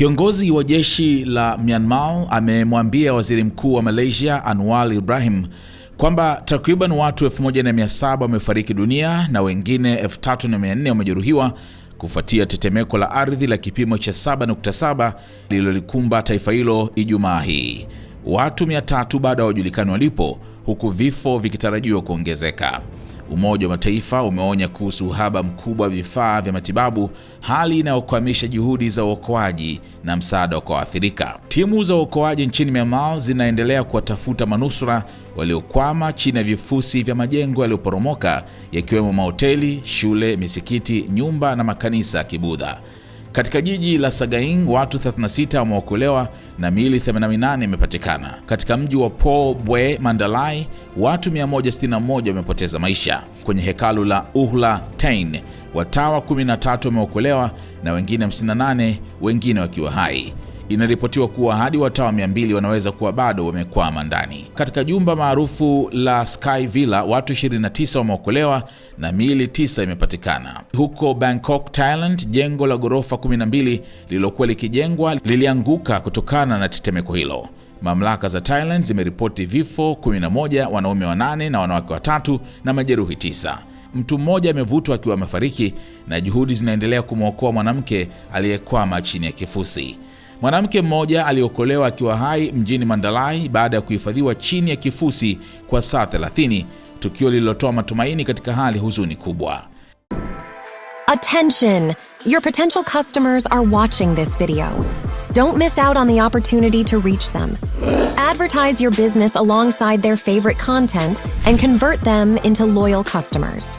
Kiongozi wa jeshi la Myanmar amemwambia waziri mkuu wa Malaysia Anwar Ibrahim kwamba takriban watu 1700 wamefariki dunia na wengine 3400 wamejeruhiwa kufuatia tetemeko la ardhi la kipimo cha 7.7 lililolikumba taifa hilo Ijumaa hii. Watu 300 bado hawajulikani walipo huku vifo vikitarajiwa kuongezeka. Umoja wa Mataifa umeonya kuhusu uhaba mkubwa wa vifaa vya matibabu, hali inayokwamisha juhudi za uokoaji na msaada kwa waathirika. Timu za uokoaji nchini Myanmar zinaendelea kuwatafuta manusura waliokwama chini ya vifusi vya majengo yaliyoporomoka, yakiwemo mahoteli, shule, misikiti, nyumba na makanisa ya Kibudha. Katika jiji la Sagaing watu 36 wameokolewa na miili 88 imepatikana. Katika mji wa Po Bwe Mandalay watu 161 wamepoteza maisha. Kwenye hekalu la Uhla Tain watawa 13 wameokolewa na wengine 58 wengine wakiwa hai. Inaripotiwa kuwa hadi watawa 200 wanaweza kuwa bado wamekwama ndani. Katika jumba maarufu la Sky Villa, watu 29 wameokolewa na miili 9 imepatikana. Huko Bangkok, Thailand, jengo la ghorofa 12 lililokuwa likijengwa lilianguka kutokana na tetemeko hilo. Mamlaka za Thailand zimeripoti vifo 11, wanaume wanane na wanawake watatu na majeruhi tisa. Mtu mmoja amevutwa akiwa amefariki na juhudi zinaendelea kumwokoa mwanamke aliyekwama chini ya kifusi. Mwanamke mmoja aliokolewa akiwa hai mjini Mandalay baada ya kuhifadhiwa chini ya kifusi kwa saa 30, tukio lililotoa matumaini katika hali huzuni kubwa. Attention, your potential customers are watching this video. Don't miss out on the opportunity to reach them. Advertise your business alongside their favorite content and convert them into loyal customers.